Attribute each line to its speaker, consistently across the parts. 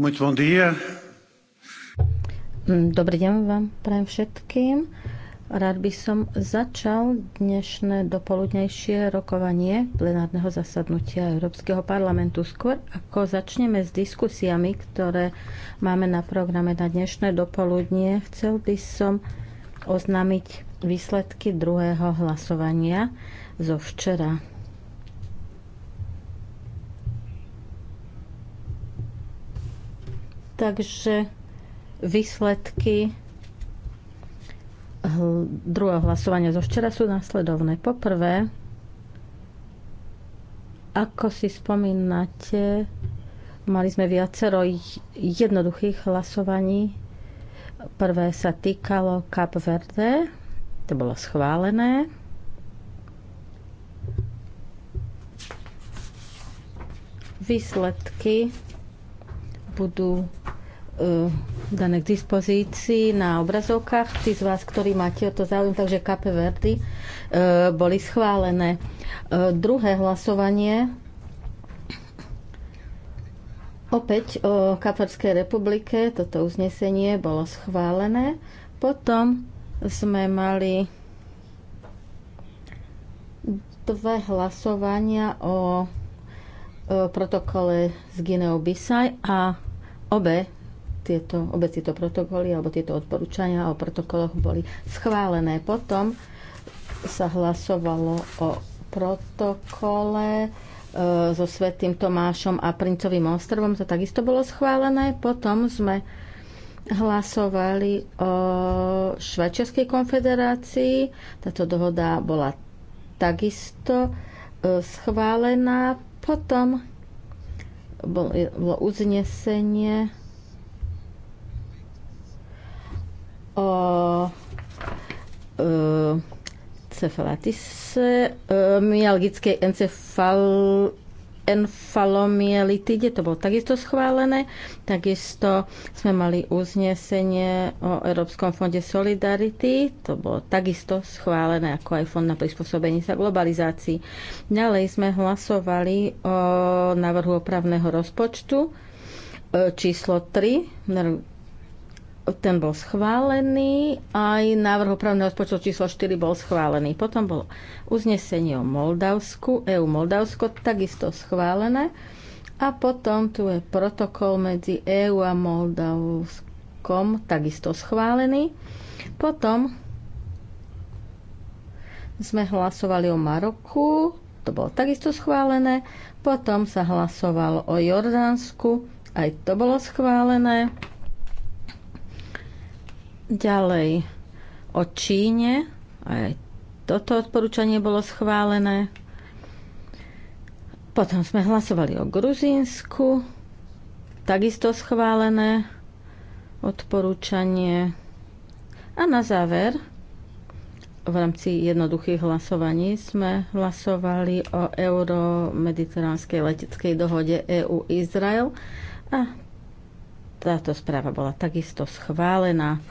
Speaker 1: Mm, dobrý deň vám prajem všetkým. Rád by som začal dnešné dopoludnejšie rokovanie plenárneho zasadnutia Európskeho parlamentu. Skôr ako začneme s diskusiami, ktoré máme na programe na dnešné dopoludnie, chcel by som oznámiť výsledky druhého hlasovania zo včera. Takže výsledky druhého hlasovania zo včera sú následovné. Poprvé, ako si spomínate, mali sme viacero jednoduchých hlasovaní. Prvé sa týkalo Cap Verde, to bolo schválené. Výsledky budú Eh, dané k dispozícii na obrazovkách. Tí z vás, ktorí máte o to záujem, takže kape Verdy eh, boli schválené. Eh, druhé hlasovanie opäť o Kaperskej republike. Toto uznesenie bolo schválené. Potom sme mali dve hlasovania o protokole z Gineo Bisaj a obe tieto, obe tieto protokoly alebo tieto odporúčania o protokoloch boli schválené. Potom sa hlasovalo o protokole e, so Svetým Tomášom a Princovým ostrovom. To takisto bolo schválené. Potom sme hlasovali o Švajčiarskej konfederácii. Táto dohoda bola takisto e, schválená. Potom bolo uznesenie o e, e myalgickej encefal, enfalomielitide, to bolo takisto schválené. Takisto sme mali uznesenie o Európskom fonde Solidarity, to bolo takisto schválené ako aj fond na prispôsobenie sa globalizácii. Ďalej sme hlasovali o návrhu opravného rozpočtu e, číslo 3 ten bol schválený, aj návrh opravného rozpočtu číslo 4 bol schválený. Potom bolo uznesenie o Moldavsku, EU Moldavsko, takisto schválené. A potom tu je protokol medzi EU a Moldavskom, takisto schválený. Potom sme hlasovali o Maroku, to bolo takisto schválené. Potom sa hlasovalo o Jordánsku, aj to bolo schválené. Ďalej o Číne. Aj toto odporúčanie bolo schválené. Potom sme hlasovali o Gruzínsku. Takisto schválené odporúčanie. A na záver v rámci jednoduchých hlasovaní sme hlasovali o euromediteránskej leteckej dohode EU-Izrael a táto správa bola takisto schválená.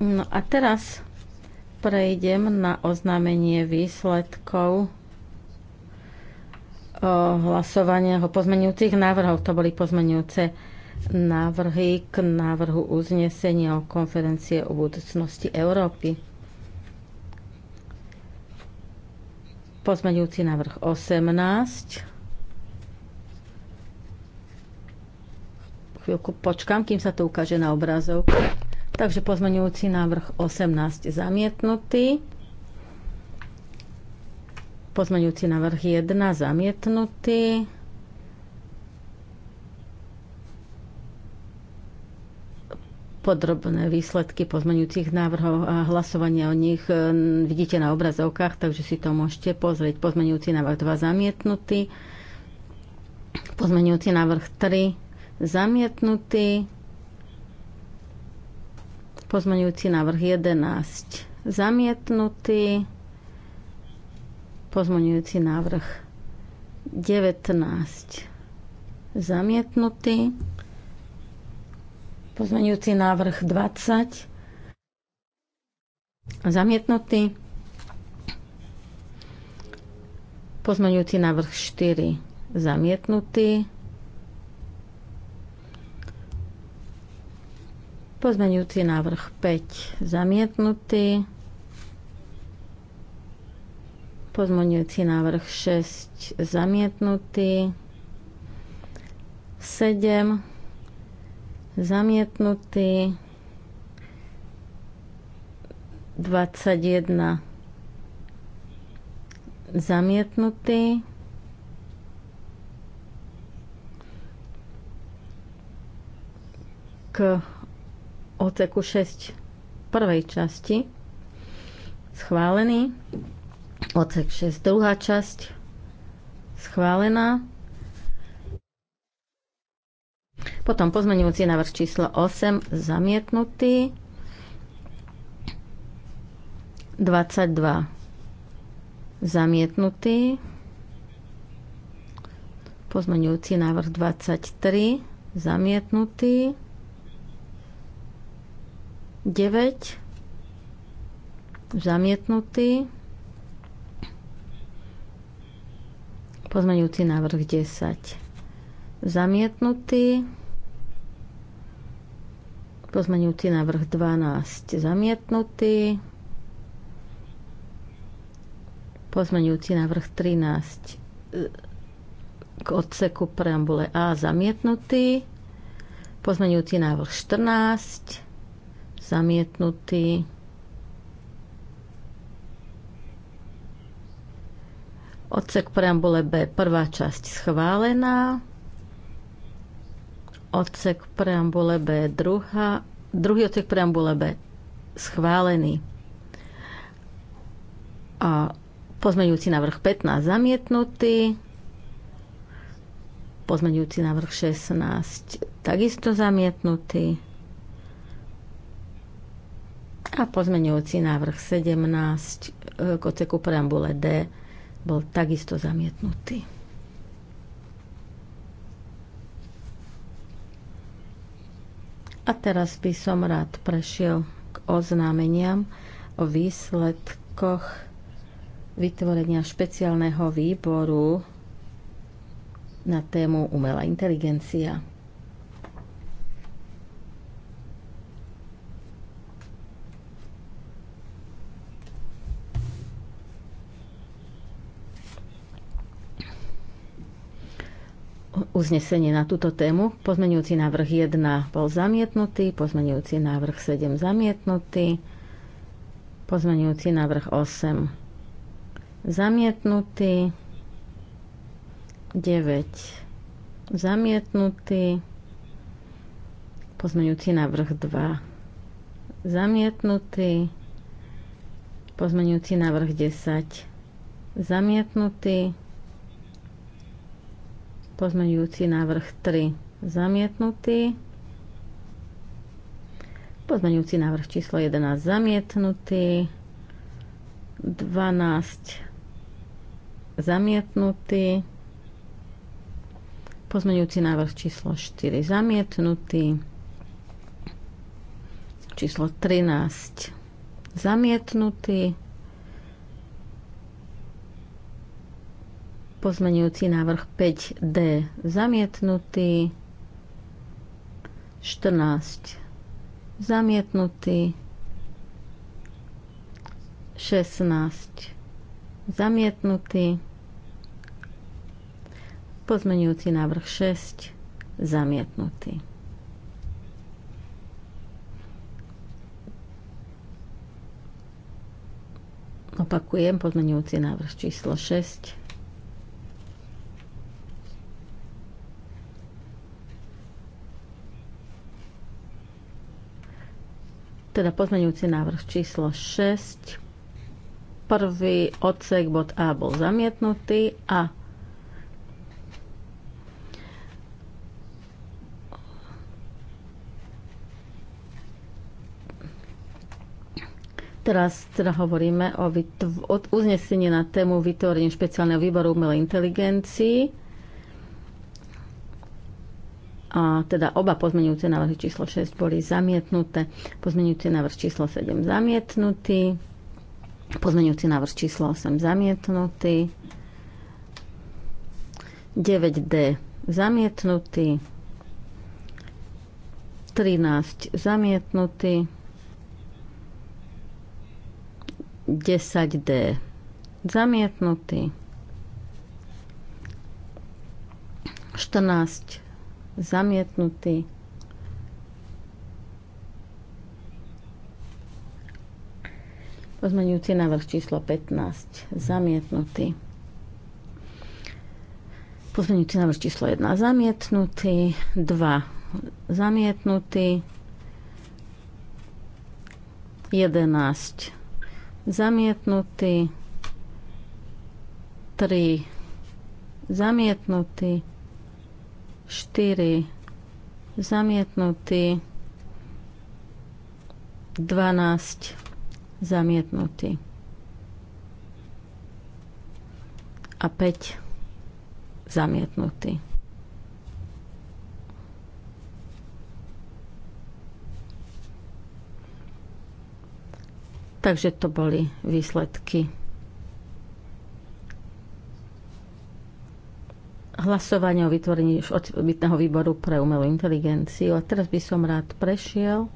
Speaker 1: No a teraz prejdem na oznámenie výsledkov eh, hlasovania o pozmenujúcich návrhov. To boli pozmenujúce návrhy k návrhu uznesenia o konferencie o budúcnosti Európy. Pozmenujúci návrh 18. Chvíľku počkám, kým sa to ukáže na obrazovku. Takže pozmeňujúci návrh 18 zamietnutý. Pozmeňujúci návrh 1 zamietnutý. Podrobné výsledky pozmeňujúcich návrhov a hlasovania o nich e, vidíte na obrazovkách, takže si to môžete pozrieť. Pozmeňujúci návrh 2 zamietnutý. Pozmeňujúci návrh 3 zamietnutý. Pozmeňujúci návrh 11 zamietnutý. Pozmeňujúci návrh 19 zamietnutý. Pozmeňujúci návrh 20 zamietnutý. Pozmeňujúci návrh 4 zamietnutý. Pozmeňujúci návrh 5 zamietnutý. Pozmeňujúci návrh 6 zamietnutý. 7 zamietnutý. 21 zamietnutý oceku 6 prvej časti schválený, ocek 6 druhá časť schválená, potom pozmenujúci návrh číslo 8 zamietnutý, 22 zamietnutý, pozmenujúci návrh 23 zamietnutý, 9 zamietnutý. Pozmeňujúci návrh 10 zamietnutý. Pozmeňujúci návrh 12 zamietnutý. Pozmeňujúci návrh 13 k odseku preambule A zamietnutý. Pozmeňujúci návrh 14 zamietnutý. Odsek preambule B, prvá časť schválená. Odsek preambule B, druhá. Druhý odsek preambule B, schválený. A pozmeňujúci návrh 15 zamietnutý. Pozmeňujúci návrh 16 takisto zamietnutý. A pozmeňujúci návrh 17 k oceku preambule D bol takisto zamietnutý. A teraz by som rád prešiel k oznámeniam o výsledkoch vytvorenia špeciálneho výboru na tému umelá inteligencia. uznesenie na túto tému. Pozmenujúci návrh 1 bol zamietnutý, pozmenujúci návrh 7 zamietnutý, pozmenujúci návrh 8 zamietnutý, 9 zamietnutý, pozmenujúci návrh 2 zamietnutý, pozmenujúci návrh 10 zamietnutý, Pozmeňujúci návrh 3 zamietnutý. Pozmeňujúci návrh číslo 11 zamietnutý. 12 zamietnutý. Pozmeňujúci návrh číslo 4 zamietnutý. Číslo 13 zamietnutý. Pozmenujúci návrh 5D zamietnutý. 14 zamietnutý. 16 zamietnutý. Pozmenujúci návrh 6 zamietnutý. Opakujem pozmenujúci návrh číslo 6 Teda pozmeňujúci návrh číslo 6. Prvý odsek bod A bol zamietnutý a Teraz teda hovoríme o, o uznesení na tému vytvorenie špeciálneho výboru umelej inteligencii. A teda oba pozmenujúce návrhy číslo 6 boli zamietnuté. Pozmenujúci návrh číslo 7 zamietnutý. Pozmenujúci návrh číslo 8 zamietnutý. 9D zamietnutý. 13 zamietnutý. 10D zamietnutý. 14 zamietnutý. Pozmeňujúci návrh číslo 15 zamietnutý. Pozmeňujúci návrh číslo 1 zamietnutý, 2 zamietnutý, 11 zamietnutý, 3 zamietnutý, 4 zamietnutý, 12 zamietnutý a 5 zamietnutý. Takže to boli výsledky hlasovanie o vytvorení osobitného výboru pre umelú inteligenciu. A teraz by som rád prešiel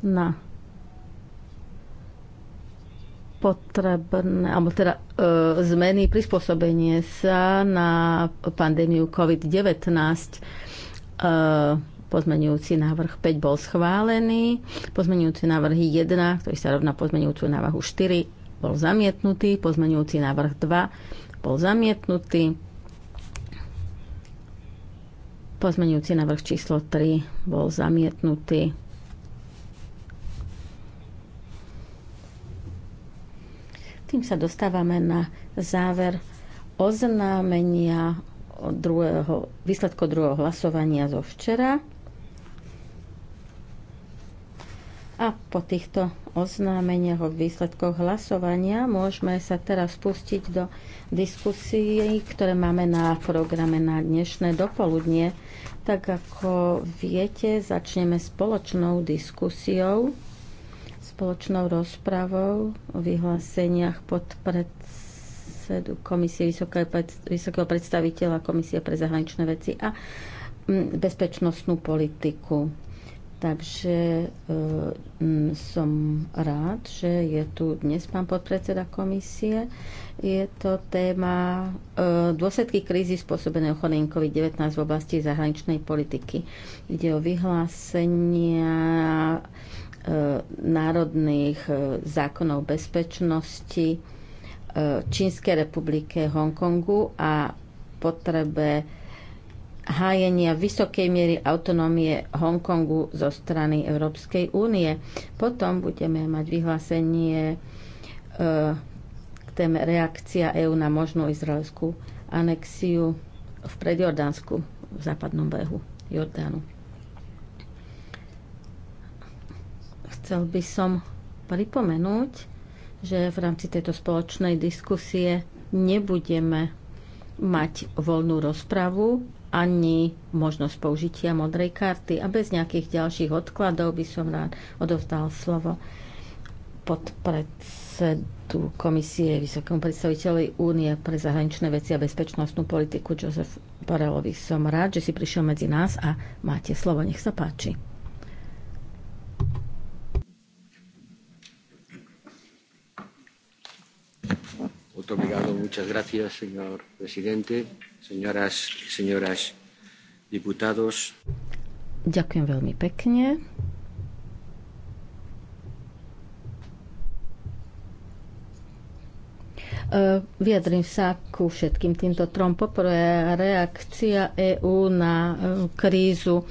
Speaker 1: na potrebné, alebo teda e, zmeny, prispôsobenie sa na pandémiu COVID-19. E, pozmenujúci návrh 5 bol schválený, pozmenujúci návrh 1, ktorý sa rovná pozmenujúcu návrhu 4, bol zamietnutý, pozmenujúci návrh 2 bol zamietnutý, Pozmenujúci návrh číslo 3 bol zamietnutý. Tým sa dostávame na záver oznámenia druhého, výsledko druhého hlasovania zo včera. A po týchto oznámeniach o výsledkoch hlasovania môžeme sa teraz pustiť do diskusií, ktoré máme na programe na dnešné dopoludnie. Tak ako viete, začneme spoločnou diskusiou, spoločnou rozpravou o vyhláseniach pod predsedu Komisie Vysokého predstaviteľa Komisie pre zahraničné veci a mm, bezpečnostnú politiku. Takže um, som rád, že je tu dnes pán podpredseda komisie. Je to téma uh, dôsledky krízy spôsobené ochorením COVID-19 v oblasti zahraničnej politiky. Ide o vyhlásenia uh, národných uh, zákonov bezpečnosti uh, Čínskej republike Hongkongu a potrebe hájenia vysokej miery autonómie Hongkongu zo strany Európskej únie. Potom budeme mať vyhlásenie e, k téme reakcia EÚ na možnú izraelskú anexiu v predjordánsku, v západnom brehu Jordánu. Chcel by som pripomenúť, že v rámci tejto spoločnej diskusie nebudeme mať voľnú rozpravu, ani možnosť použitia modrej karty. A bez nejakých ďalších odkladov by som rád odovzdal slovo predsedu komisie vysokom predstaviteľovi Únie pre zahraničné veci a bezpečnostnú politiku Josef Borelovi. Som rád, že si prišiel medzi nás a máte slovo. Nech sa páči. muchas gracias, señor presidente señoras y señoras diputados. Ďakujem veľmi pekne. E, vyjadrím sa ku všetkým týmto trom. Poprvé, reakcia EÚ na e, krízu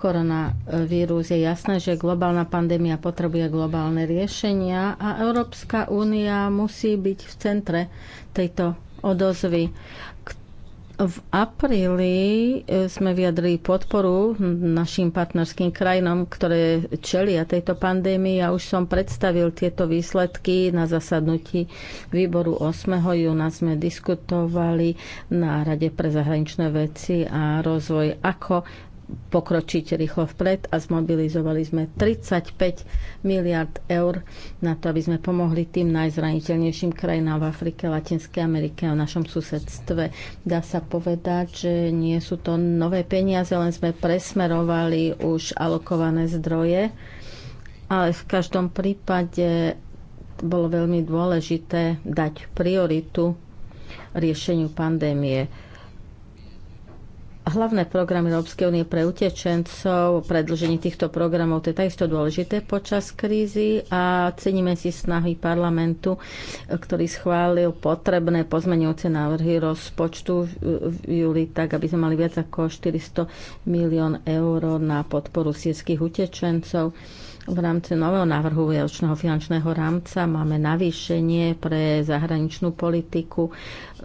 Speaker 1: koronavírus. Je jasné, že globálna pandémia potrebuje globálne riešenia a Európska únia musí byť v centre tejto odozvy. V apríli e, sme vyjadrili podporu našim partnerským krajinom, ktoré čelia tejto pandémii a už som predstavil tieto výsledky na zasadnutí výboru 8. júna. Sme diskutovali na Rade pre zahraničné veci a rozvoj, ako pokročiť rýchlo vpred a zmobilizovali sme 35 miliard eur na to, aby sme pomohli tým najzraniteľnejším krajinám v Afrike, Latinskej Amerike a v našom susedstve. Dá sa povedať, že nie sú to nové peniaze, len sme presmerovali už alokované zdroje, ale v každom prípade bolo veľmi dôležité dať prioritu riešeniu pandémie hlavné programy Európskej únie pre utečencov, predlženie týchto programov, to je takisto dôležité počas krízy a ceníme si snahy parlamentu, ktorý schválil potrebné pozmeňujúce návrhy rozpočtu v júli, tak aby sme mali viac ako 400 milión eur na podporu sírskych utečencov. V rámci nového návrhu výročného finančného rámca máme navýšenie pre zahraničnú politiku,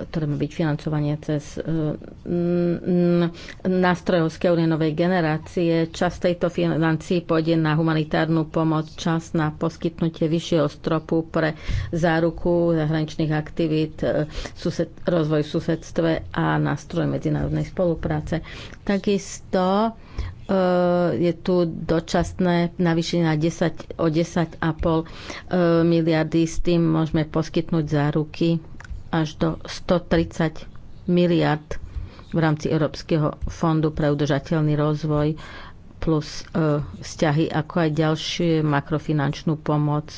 Speaker 1: ktoré má byť financovanie cez eh, nástrojov z únie novej generácie. Čas tejto financií pôjde na humanitárnu pomoc, čas na poskytnutie vyššieho stropu pre záruku zahraničných aktivít, eh, sused, rozvoj v susedstve a nástroj medzinárodnej spolupráce. Takisto Eh, je tu dočasné navýšenie na 10, o 10,5 eh, miliardy. S tým môžeme poskytnúť záruky až do 130 miliard v rámci Európskeho fondu pre udržateľný rozvoj plus eh, vzťahy, ako aj ďalšie makrofinančnú pomoc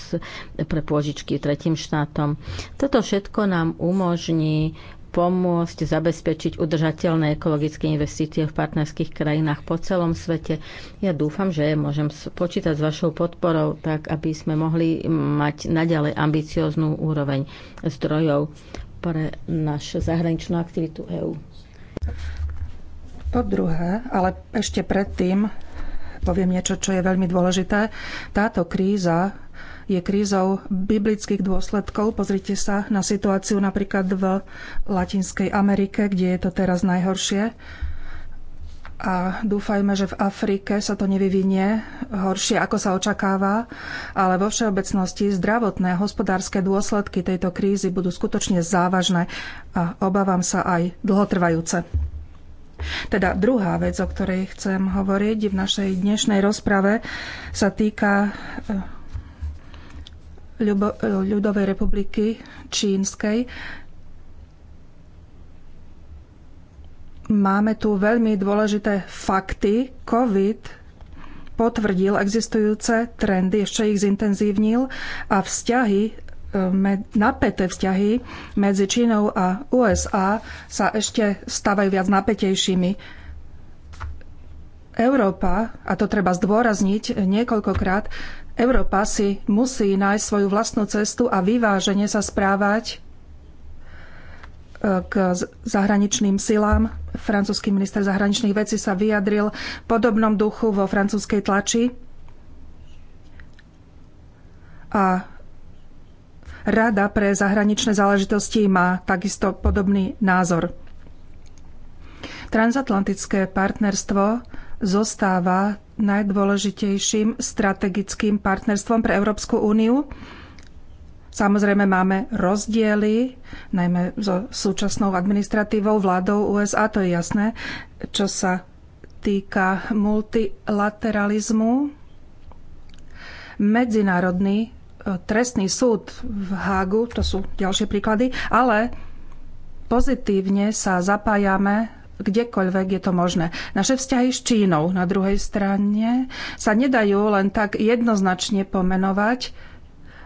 Speaker 1: pre pôžičky tretím štátom. Toto všetko nám umožní pomôcť zabezpečiť udržateľné ekologické investície v partnerských krajinách po celom svete. Ja dúfam, že môžem počítať s vašou podporou, tak aby sme mohli mať naďalej ambicióznu úroveň zdrojov pre našu zahraničnú aktivitu EÚ. Po druhé, ale ešte predtým
Speaker 2: poviem niečo, čo je veľmi dôležité. Táto kríza je krízou biblických dôsledkov. Pozrite sa na situáciu napríklad v Latinskej Amerike, kde je to teraz najhoršie. A dúfajme, že v Afrike sa to nevyvinie horšie, ako sa očakáva, ale vo všeobecnosti zdravotné a hospodárske dôsledky tejto krízy budú skutočne závažné a obávam sa aj dlhotrvajúce. Teda druhá vec, o ktorej chcem hovoriť v našej dnešnej rozprave, sa týka ľudovej republiky čínskej. Máme tu veľmi dôležité fakty. COVID potvrdil existujúce trendy, ešte ich zintenzívnil a vzťahy e, napäté vzťahy medzi Čínou a USA sa ešte stávajú viac napätejšími. Európa, a to treba zdôrazniť niekoľkokrát, Európa si musí nájsť svoju vlastnú cestu a vyvážene sa správať e, k zahraničným silám. Francúzsky minister zahraničných vecí sa vyjadril v podobnom duchu vo francúzskej tlači. A Rada pre zahraničné záležitosti má takisto podobný názor. Transatlantické partnerstvo zostáva najdôležitejším strategickým partnerstvom pre Európsku úniu. Samozrejme máme rozdiely, najmä so súčasnou administratívou, vládou USA, to je jasné, čo sa týka multilateralizmu. Medzinárodný e, trestný súd v Hágu, to sú ďalšie príklady, ale pozitívne sa zapájame kdekoľvek je to možné. Naše vzťahy s Čínou na druhej strane sa nedajú len tak jednoznačne pomenovať.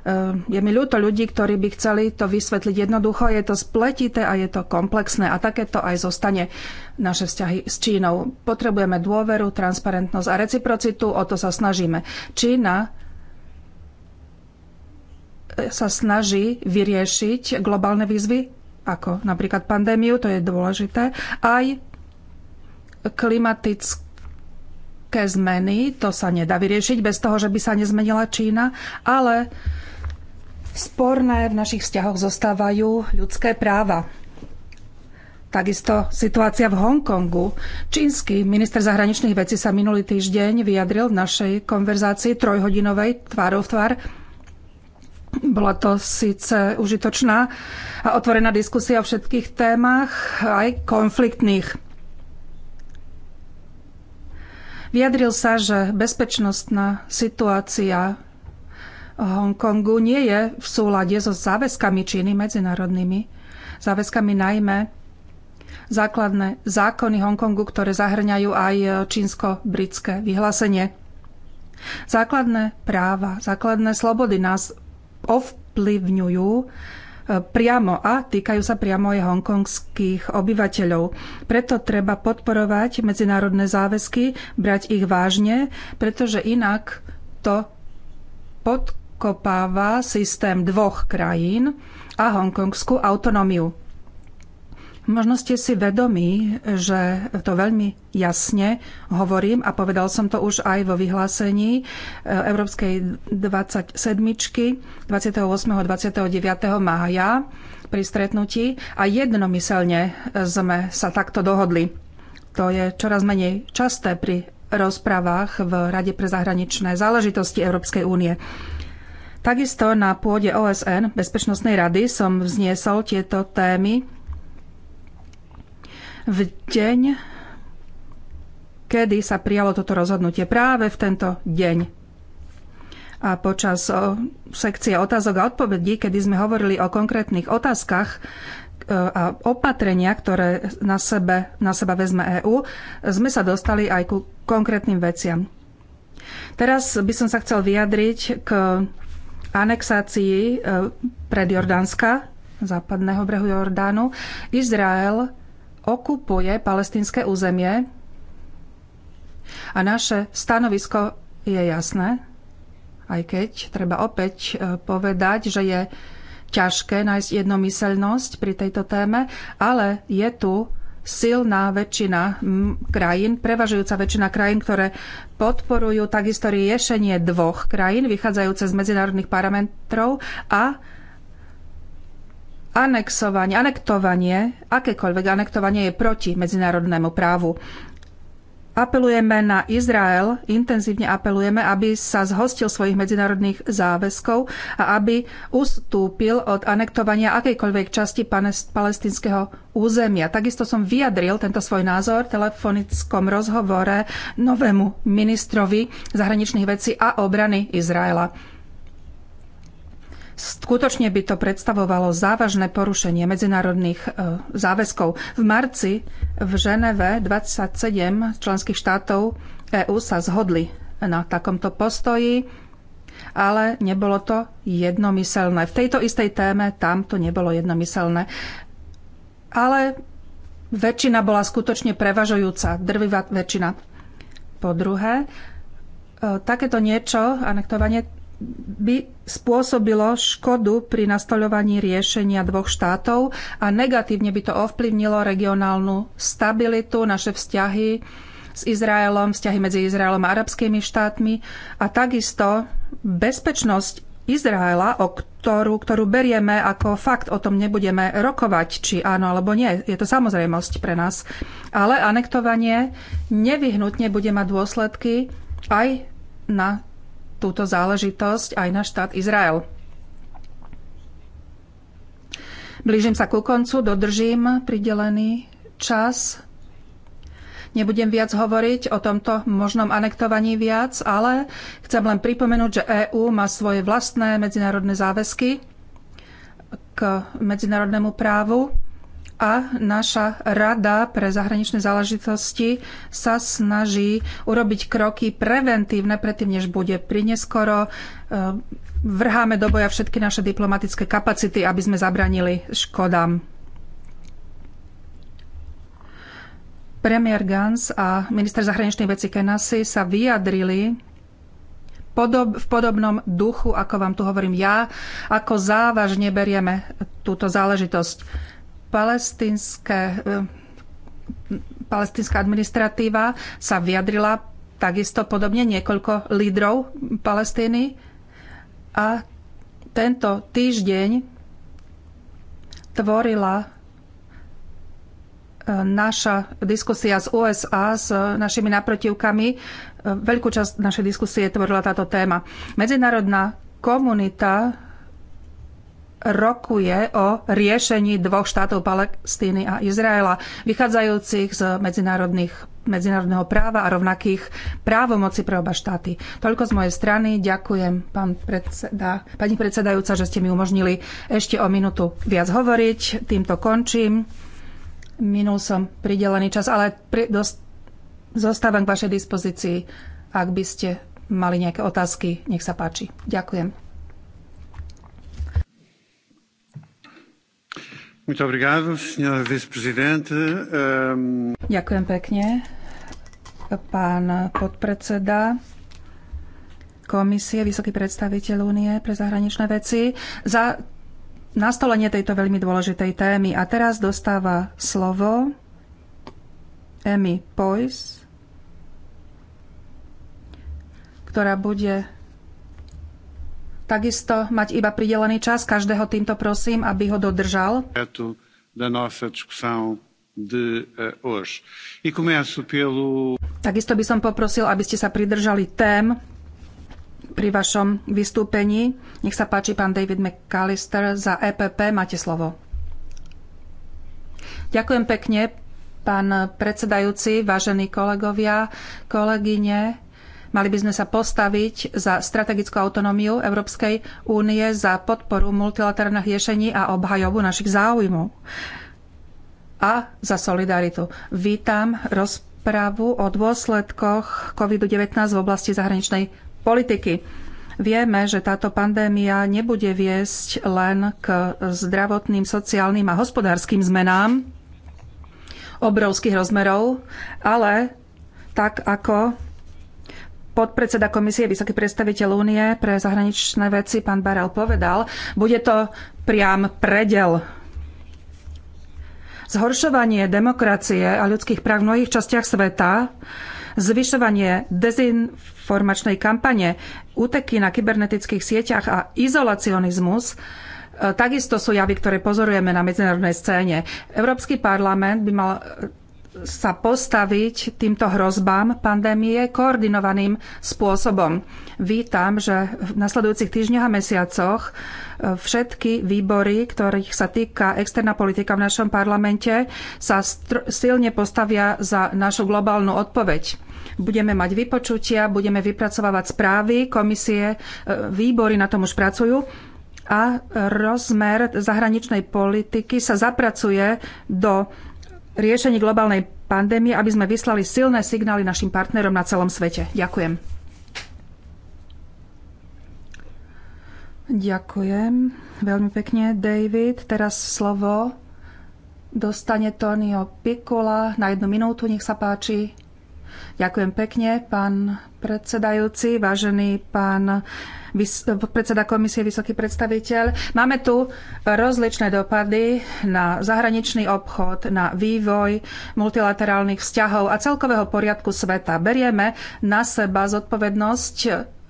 Speaker 2: Ehm, je mi ľúto ľudí, ktorí by chceli to vysvetliť jednoducho. Je to spletité a je to komplexné a takéto aj zostane naše vzťahy s Čínou. Potrebujeme dôveru, transparentnosť a reciprocitu, o to sa snažíme. Čína e, sa snaží vyriešiť globálne výzvy ako napríklad pandémiu, to je dôležité, aj klimatické zmeny, to sa nedá vyriešiť bez toho, že by sa nezmenila Čína, ale sporné v našich vzťahoch zostávajú ľudské práva. Takisto situácia v Hongkongu. Čínsky minister zahraničných vecí sa minulý týždeň vyjadril v našej konverzácii trojhodinovej tvárov tvár bola to síce užitočná a otvorená diskusia o všetkých témach, aj konfliktných. Vyjadril sa, že bezpečnostná situácia Hongkongu nie je v súlade so záväzkami Číny medzinárodnými, záväzkami najmä základné zákony Hongkongu, ktoré zahrňajú aj čínsko-britské vyhlásenie. Základné práva, základné slobody nás ovplyvňujú e, priamo a týkajú sa priamo aj hongkongských obyvateľov. Preto treba podporovať medzinárodné záväzky, brať ich vážne, pretože inak to podkopáva systém dvoch krajín a hongkongskú autonómiu. Možno ste si vedomí, že to veľmi jasne hovorím a povedal som to už aj vo vyhlásení e, Európskej 27. 28. 29. mája pri stretnutí a jednomyselne sme sa takto dohodli. To je čoraz menej časté pri rozprávach v Rade pre zahraničné záležitosti Európskej únie. Takisto na pôde OSN Bezpečnostnej rady som vzniesol tieto témy v deň, kedy sa prijalo toto rozhodnutie. Práve v tento deň a počas sekcie otázok a odpovedí, kedy sme hovorili o konkrétnych otázkach e, a opatrenia, ktoré na, sebe, na seba vezme EÚ, sme sa dostali aj ku konkrétnym veciam. Teraz by som sa chcel vyjadriť k anexácii e, pred Jordánska západného brehu Jordánu. Izrael okupuje palestinské územie a naše stanovisko je jasné, aj keď treba opäť e, povedať, že je ťažké nájsť jednomyseľnosť pri tejto téme, ale je tu silná väčšina krajín, prevažujúca väčšina krajín, ktoré podporujú takisto riešenie dvoch krajín, vychádzajúce z medzinárodných parametrov a anexovanie, anektovanie, akékoľvek anektovanie je proti medzinárodnému právu. Apelujeme na Izrael, intenzívne apelujeme, aby sa zhostil svojich medzinárodných záväzkov a aby ustúpil od anektovania akejkoľvek časti palestinského územia. Takisto som vyjadril tento svoj názor v telefonickom rozhovore novému ministrovi zahraničných vecí a obrany Izraela. Skutočne by to predstavovalo závažné porušenie medzinárodných e, záväzkov. V marci v Ženeve 27 členských štátov EÚ sa zhodli na takomto postoji, ale nebolo to jednomyselné. V tejto istej téme tam to nebolo jednomyselné. Ale väčšina bola skutočne prevažujúca, drvivá väčšina. Po druhé, e, takéto niečo, anektovanie by spôsobilo škodu pri nastoľovaní riešenia dvoch štátov a negatívne by to ovplyvnilo regionálnu stabilitu, naše vzťahy s Izraelom, vzťahy medzi Izraelom a arabskými štátmi a takisto bezpečnosť Izraela, o ktorú, ktorú berieme ako fakt, o tom nebudeme rokovať, či áno alebo nie. Je to samozrejmosť pre nás. Ale anektovanie nevyhnutne bude mať dôsledky aj na túto záležitosť aj na štát Izrael. Blížim sa ku koncu, dodržím pridelený čas. Nebudem viac hovoriť o tomto možnom anektovaní viac, ale chcem len pripomenúť, že EÚ má svoje vlastné medzinárodné záväzky k medzinárodnému právu a naša Rada pre zahraničné záležitosti sa snaží urobiť kroky preventívne, predtým než bude prineskoro. E, vrháme do boja všetky naše diplomatické kapacity, aby sme zabranili škodám. Premiér Gans a minister zahraničných vecí Kenasi sa vyjadrili v podobnom duchu, ako vám tu hovorím ja, ako závažne berieme túto záležitosť Palestínske, eh, palestínska administratíva sa vyjadrila takisto podobne niekoľko lídrov Palestíny a tento týždeň tvorila eh, naša diskusia z USA s našimi naprotivkami. Eh, veľkú časť našej diskusie tvorila táto téma. Medzinárodná komunita rokuje o riešení dvoch štátov Palestíny a Izraela, vychádzajúcich z medzinárodných, medzinárodného práva a rovnakých právomoci pre oba štáty. Toľko z mojej strany. Ďakujem, pán predseda, pani predsedajúca, že ste mi umožnili ešte o minútu viac hovoriť. Týmto končím. Minul som pridelený čas, ale pri, dos, zostávam k vašej dispozícii, ak by ste mali nejaké otázky. Nech sa páči. Ďakujem. Ehm, Ďakujem pekne, pán podpredseda komisie, vysoký predstaviteľ Únie pre zahraničné veci, za nastolenie tejto veľmi dôležitej témy. A teraz dostáva slovo Emmy Pois, ktorá bude takisto mať iba pridelený čas. Každého týmto prosím, aby ho dodržal. Eh, e takisto by som poprosil, aby ste sa pridržali tém pri vašom vystúpení. Nech sa páči, pán David McAllister za EPP, máte slovo. Ďakujem pekne, pán predsedajúci, vážení kolegovia, kolegyne. Mali by sme sa postaviť za strategickú autonómiu Európskej únie, za podporu multilaterálnych riešení a obhajobu našich záujmov a za solidaritu. Vítam rozprávu o dôsledkoch COVID-19 v oblasti zahraničnej politiky. Vieme, že táto pandémia nebude viesť len k zdravotným, sociálnym a hospodárskym zmenám obrovských rozmerov, ale tak ako podpredseda komisie, vysoký predstaviteľ únie pre zahraničné veci, pán Barel, povedal, bude to priam predel. Zhoršovanie demokracie a ľudských práv v mnohých častiach sveta, zvyšovanie dezinformačnej kampane, úteky na kybernetických sieťach a izolacionizmus e, takisto sú javy, ktoré pozorujeme na medzinárodnej scéne. Európsky parlament by mal sa postaviť týmto hrozbám pandémie koordinovaným spôsobom. Vítam, že v nasledujúcich týždňoch a mesiacoch e, všetky výbory, ktorých sa týka externá politika v našom parlamente, sa silne postavia za našu globálnu odpoveď. Budeme mať vypočutia, budeme vypracovávať správy, komisie, e, výbory na tom už pracujú a rozmer zahraničnej politiky sa zapracuje do riešení globálnej pandémie, aby sme vyslali silné signály našim partnerom na celom svete. Ďakujem. Ďakujem veľmi pekne, David. Teraz slovo dostane Tonio Pikula na jednu minútu, nech sa páči. Ďakujem pekne, pán predsedajúci, vážený pán predseda komisie, vysoký predstaviteľ. Máme tu rozličné dopady na zahraničný obchod, na vývoj multilaterálnych vzťahov a celkového poriadku sveta. Berieme na seba zodpovednosť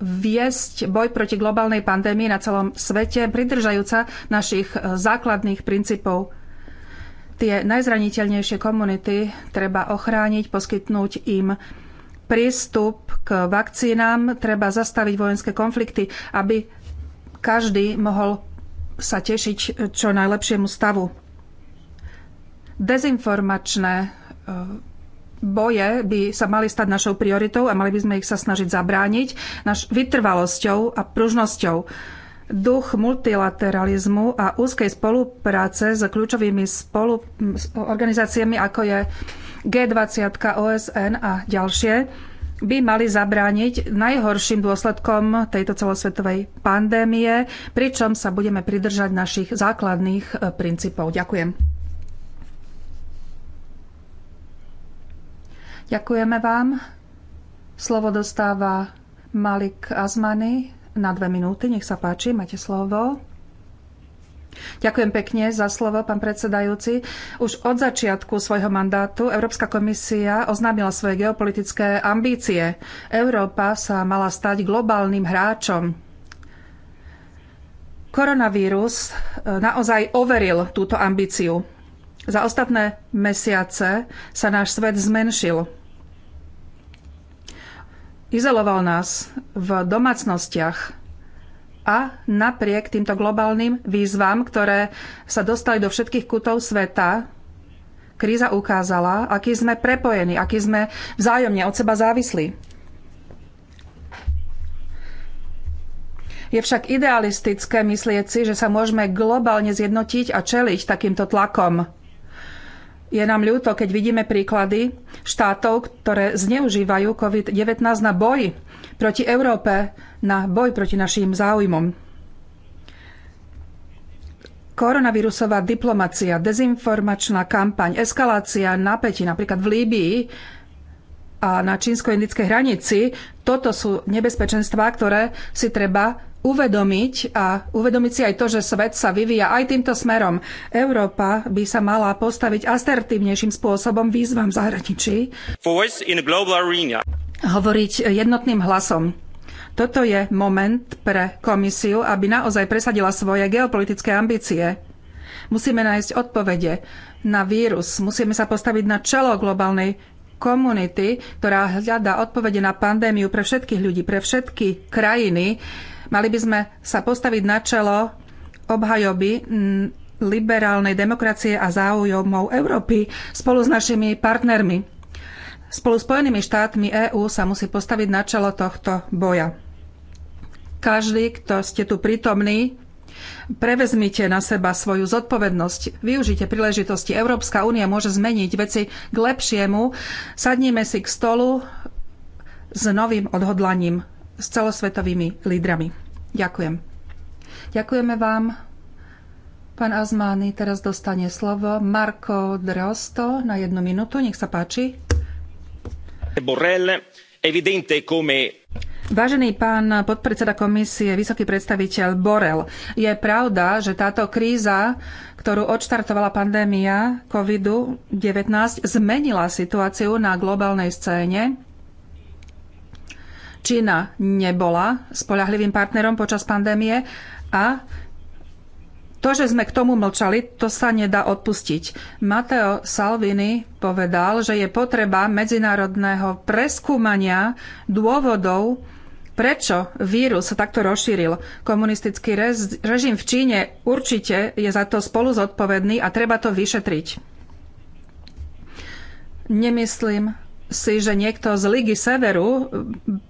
Speaker 2: viesť boj proti globálnej pandémii na celom svete, pridržajúca našich základných princípov Tie najzraniteľnejšie komunity treba ochrániť, poskytnúť im prístup k vakcínám, treba zastaviť vojenské konflikty, aby každý mohol sa tešiť čo najlepšiemu stavu. Dezinformačné e, boje by sa mali stať našou prioritou a mali by sme ich sa snažiť zabrániť naš vytrvalosťou a pružnosťou duch multilateralizmu a úzkej spolupráce s kľúčovými spolu, organizáciami, ako je G20, OSN a ďalšie, by mali zabrániť najhorším dôsledkom tejto celosvetovej pandémie, pričom sa budeme pridržať našich základných e, princípov. Ďakujem. Ďakujeme vám. Slovo dostáva Malik Azmany, na dve minúty. Nech sa páči, máte slovo. Ďakujem pekne za slovo, pán predsedajúci. Už od začiatku svojho mandátu Európska komisia oznámila svoje geopolitické ambície. Európa sa mala stať globálnym hráčom. Koronavírus e, naozaj overil túto ambíciu. Za ostatné mesiace sa náš svet zmenšil Izoloval nás v domácnostiach a napriek týmto globálnym výzvam, ktoré sa dostali do všetkých kútov sveta, kríza ukázala, aký sme prepojení, aký sme vzájomne od seba závislí. Je však idealistické myslieť si, že sa môžeme globálne zjednotiť a čeliť takýmto tlakom. Je nám ľúto, keď vidíme príklady štátov, ktoré zneužívajú COVID-19 na boj proti Európe, na boj proti našim záujmom. Koronavírusová diplomacia, dezinformačná kampaň, eskalácia napätí napríklad v Líbii a na čínsko-indickej hranici, toto sú nebezpečenstvá, ktoré si treba uvedomiť a uvedomiť si aj to, že svet sa vyvíja aj týmto smerom. Európa by sa mala postaviť asertívnejším spôsobom výzvam zahraničí. Hovoriť jednotným hlasom. Toto je moment pre komisiu, aby naozaj presadila svoje geopolitické ambície. Musíme nájsť odpovede na vírus, musíme sa postaviť na čelo globálnej komunity, ktorá hľadá odpovede na pandémiu pre všetkých ľudí, pre všetky krajiny, Mali by sme sa postaviť na čelo obhajoby liberálnej demokracie a záujomov Európy spolu s našimi partnermi. Spolu s Spojenými štátmi EÚ sa musí postaviť na čelo tohto boja. Každý, kto ste tu prítomní, prevezmite na seba svoju zodpovednosť, využite príležitosti. Európska únia môže zmeniť veci k lepšiemu. Sadnime si k stolu s novým odhodlaním s celosvetovými lídrami. Ďakujem. Ďakujeme vám. Pán Azmány teraz dostane slovo. Marko Drosto na jednu minútu. Nech sa páči.
Speaker 1: Borrell, evidente come
Speaker 2: Vážený pán podpredseda komisie, vysoký predstaviteľ Borel, je pravda, že táto kríza, ktorú odštartovala pandémia COVID-19, zmenila situáciu na globálnej scéne Čína nebola spoľahlivým partnerom počas pandémie a to, že sme k tomu mlčali, to sa nedá odpustiť. Matteo Salvini povedal, že je potreba medzinárodného preskúmania dôvodov, prečo vírus sa takto rozšíril. Komunistický režim v Číne určite je za to spolu zodpovedný a treba to vyšetriť. Nemyslím si, že niekto z Ligy Severu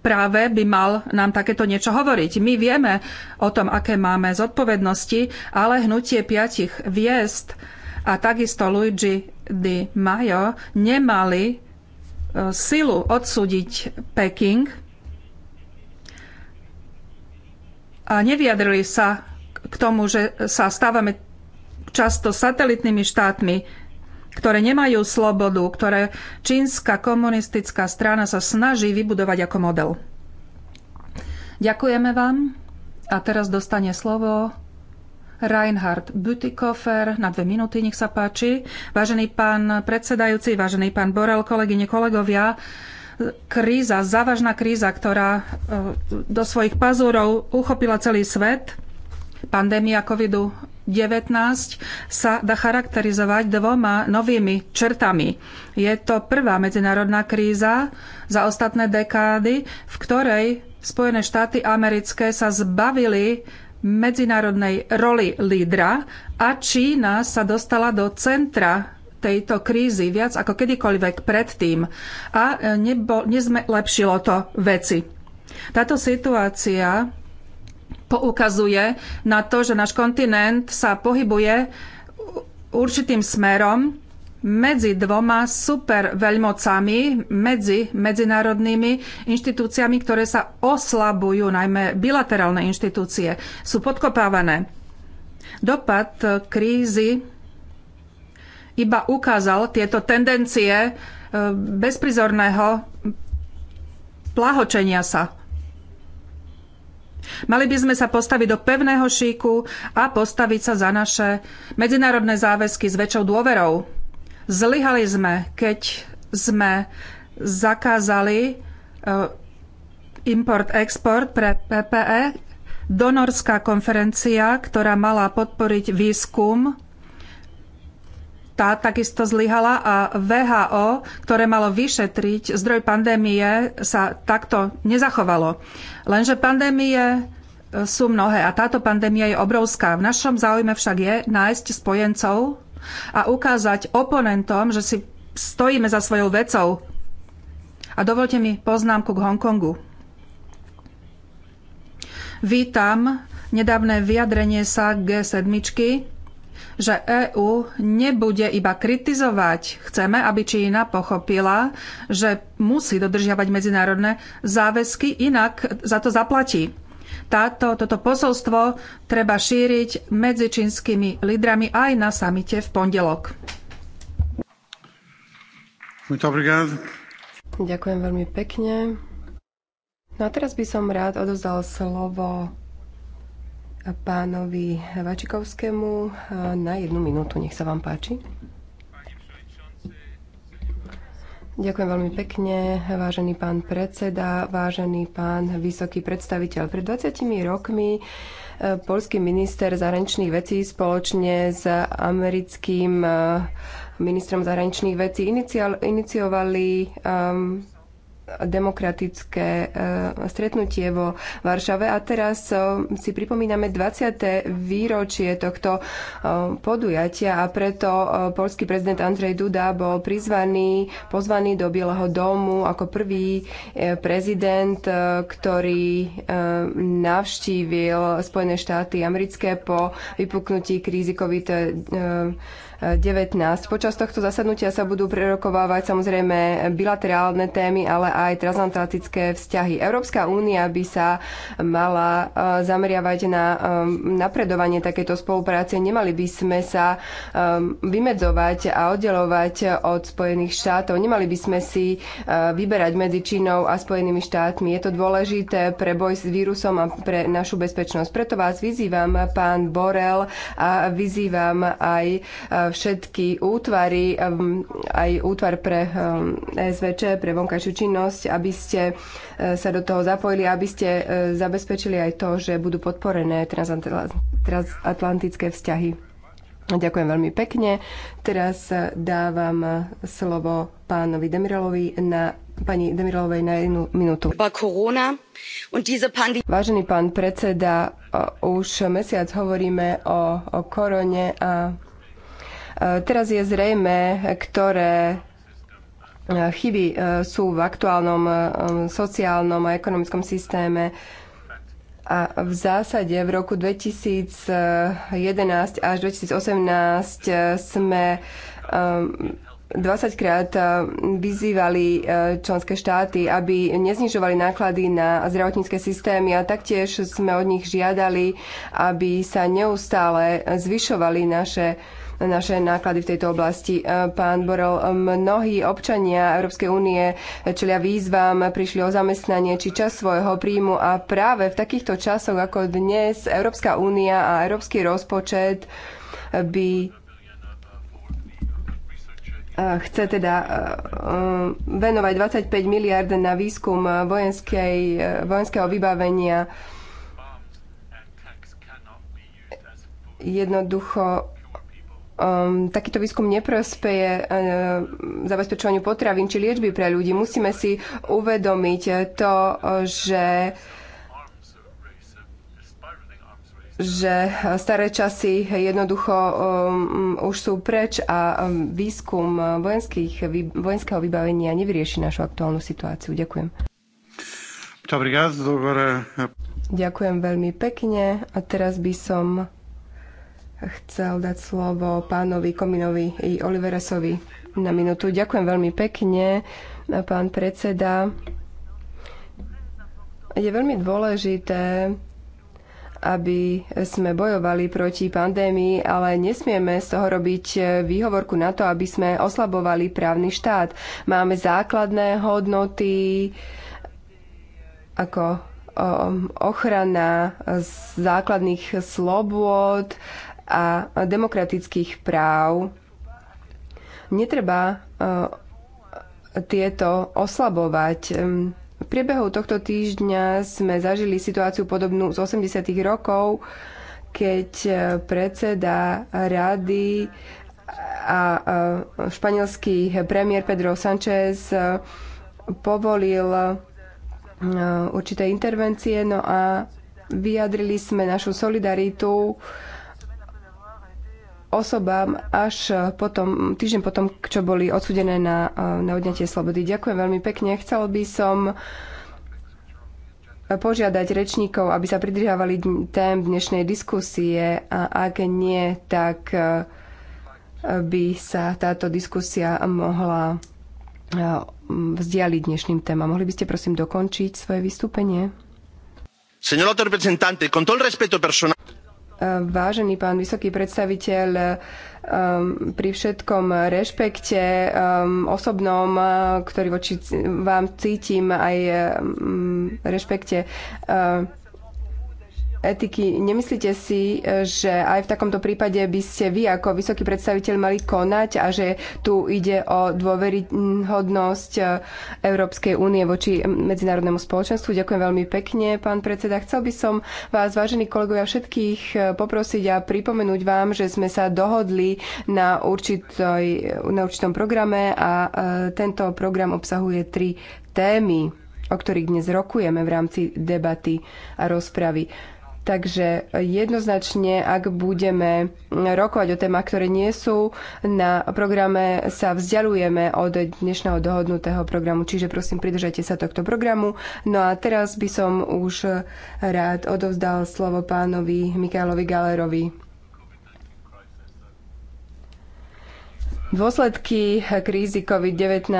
Speaker 2: práve by mal nám takéto niečo hovoriť. My vieme o tom, aké máme zodpovednosti, ale hnutie piatich hviezd a takisto Luigi Di Maio nemali e, silu odsúdiť Peking a nevyjadrili sa k tomu, že sa stávame často satelitnými štátmi ktoré nemajú slobodu, ktoré čínska komunistická strana sa snaží vybudovať ako model. Ďakujeme vám a teraz dostane slovo Reinhard Butikofer na dve minúty, nech sa páči. Vážený pán predsedajúci, vážený pán Borel, kolegyne, kolegovia, kríza, závažná kríza, ktorá e, do svojich pazúrov uchopila celý svet, pandémia COVID-19 sa dá charakterizovať dvoma novými črtami. Je to prvá medzinárodná kríza za ostatné dekády, v ktorej Spojené štáty americké sa zbavili medzinárodnej roli lídra a Čína sa dostala do centra tejto krízy viac ako kedykoľvek predtým a nezlepšilo to veci. Táto situácia poukazuje na to, že náš kontinent sa pohybuje určitým smerom medzi dvoma super veľmocami, medzi medzinárodnými inštitúciami, ktoré sa oslabujú, najmä bilaterálne inštitúcie, sú podkopávané. Dopad krízy iba ukázal tieto tendencie e, bezprizorného plahočenia sa. Mali by sme sa postaviť do pevného šíku a postaviť sa za naše medzinárodné záväzky s väčšou dôverou. Zlyhali sme, keď sme zakázali e, import-export pre PPE, donorská konferencia, ktorá mala podporiť výskum tá takisto zlyhala a VHO, ktoré malo vyšetriť zdroj pandémie, sa takto nezachovalo. Lenže pandémie e, sú mnohé a táto pandémia je obrovská. V našom záujme však je nájsť spojencov a ukázať oponentom, že si stojíme za svojou vecou. A dovolte mi poznámku k Hongkongu. Vítam nedávne vyjadrenie sa G7, že EÚ nebude iba kritizovať. Chceme, aby Čína pochopila, že musí dodržiavať medzinárodné záväzky, inak za to zaplatí. Táto, toto posolstvo treba šíriť medzi čínskymi lídrami aj na samite v pondelok.
Speaker 3: Ďakujem veľmi pekne. No a teraz by som rád odozdal slovo pánovi Vačikovskému na jednu minútu. Nech sa vám páči. Ďakujem veľmi pekne, vážený pán predseda, vážený pán vysoký predstaviteľ. Pred 20 rokmi e, polský minister zahraničných vecí spoločne s americkým e, ministrom zahraničných vecí iniciovali um, demokratické e, stretnutie vo Varšave. A teraz e, si pripomíname 20. výročie tohto e, podujatia a preto polský prezident Andrej Duda bol prizvaný, pozvaný do Bieleho domu ako prvý prezident, ktorý navštívil Spojené štáty americké po vypuknutí krízy COVID-19 19. Počas tohto zasadnutia sa budú prerokovávať samozrejme bilaterálne témy, ale aj transatlantické vzťahy. Európska únia by sa mala eh, zameriavať na eh, napredovanie takéto spolupráce. Nemali by sme sa eh, vymedzovať a oddelovať od Spojených štátov. Nemali by sme si vyberať medzi Čínou a Spojenými štátmi. Je to dôležité pre boj s vírusom a pre našu bezpečnosť. Preto vás vyzývam, pán Borel, a vyzývam aj všetky útvary, um, aj útvar pre um, SVČ, pre vonkajšiu činnosť, aby ste uh, sa do toho zapojili, aby ste uh, zabezpečili aj to, že budú podporené transatlantické vzťahy. Ďakujem veľmi pekne. Teraz uh, dávam slovo pánovi Demirelovi na pani Demirelovej na jednu minútu. Vážený pán predseda, už mesiac hovoríme o, o korone a Teraz je zrejme, ktoré e, chyby e, sú v aktuálnom e, sociálnom a ekonomickom systéme. A v zásade v roku 2011 až 2018 sme 20 krát vyzývali členské štáty, aby neznižovali náklady na zdravotnícke systémy a taktiež sme od nich žiadali, aby sa neustále zvyšovali naše naše náklady v tejto oblasti. E, pán Borel, mnohí občania Európskej únie čelia výzvam, prišli o zamestnanie či čas svojho príjmu a práve v takýchto časoch ako dnes Európska únia a Európsky rozpočet by e, chce teda e, venovať 25 miliard na výskum vojenskej, vojenského vybavenia. Jednoducho um, takýto výskum neprospeje um, zabezpečovaniu potravín či liečby pre ľudí. Musíme si uvedomiť to, že že staré časy jednoducho um, už sú preč a um, výskum vojenských, vojenského vybavenia nevyrieši našu aktuálnu situáciu. Ďakujem. Ďakujem veľmi pekne a teraz by som chcel dať slovo pánovi Kominovi i Oliveresovi na minútu. Ďakujem veľmi pekne, pán predseda. Je veľmi dôležité, aby sme bojovali proti pandémii, ale nesmieme z toho robiť výhovorku na to, aby sme oslabovali právny štát. Máme základné hodnoty ako ochrana základných slobôd, a demokratických práv. Netreba e, tieto oslabovať. V priebehu tohto týždňa sme zažili situáciu podobnú z 80. rokov, keď e, predseda rady a e, španielský premiér Pedro Sanchez povolil určité intervencie, no a vyjadrili sme našu solidaritu osobám až potom, týždeň potom, čo boli odsudené na, eh, na odňatie slobody. Ďakujem veľmi pekne. Chcel by som požiadať rečníkov, aby sa pridržávali tém dnešnej diskusie a ak nie, tak eh, by sa táto diskusia mohla eh, vzdialiť dnešným témam. Mohli by ste prosím dokončiť svoje vystúpenie?
Speaker 2: Señor alto representante, con todo el respeto personal...
Speaker 3: Vážený pán vysoký predstaviteľ, um, pri všetkom rešpekte um, osobnom, uh, ktorý voči vám cítim, aj um, rešpekte uh, etiky. Nemyslíte si, e, že aj v takomto prípade by ste vy ako vysoký predstaviteľ mali konať a že tu ide o dôveryhodnosť e, Európskej únie voči medzinárodnému spoločenstvu? Ďakujem veľmi pekne, pán predseda. Chcel by som vás, vážení kolegovia, všetkých e, poprosiť a pripomenúť vám, že sme sa dohodli na, určitoj, na určitom programe a tento program obsahuje tri témy o ktorých dnes rokujeme v rámci debaty a rozpravy. Takže jednoznačne, ak budeme rokovať o témach, ktoré nie sú na programe, sa vzdialujeme od dnešného dohodnutého programu. Čiže prosím, pridržajte sa tohto programu. No a teraz by som už rád odovzdal slovo pánovi Mikálovi Galerovi. Dôsledky krízy COVID-19